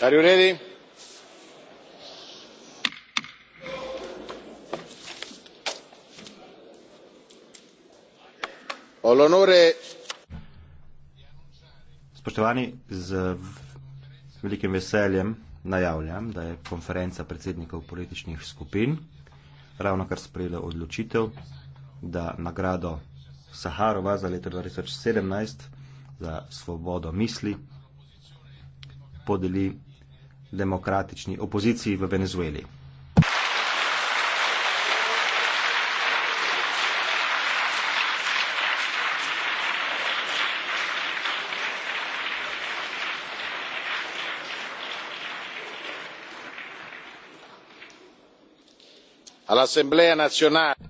are you ready? ho l'onore spoštovani z velikim veseljem najavljam da je konferenca predsednikov političnih skupin ravno kar sprejela odločitev da nagrado saharova za leto 2017 za svobodo misli podeli demokratični opoziciji v Venezueli. All'Assemblea nazionale.